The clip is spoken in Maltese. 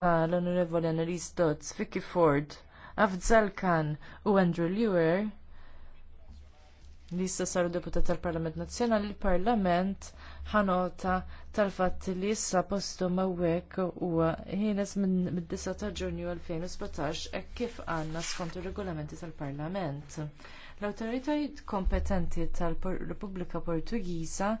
l-Onorevoli Annalise Stotz, Vicky Ford, Afzal Khan u Andrew Lewer li issa saru deputat tal-Parlament Nazzjonali, il-Parlament ħanota tal-fatt li issa postu hawnhekk huwa ħieles mid-9 ta' Ġunju 2017 hekk kif għandna skont ir-regolamenti tal-Parlament. L-awtoritajiet kompetenti tal-Repubblika Portugiża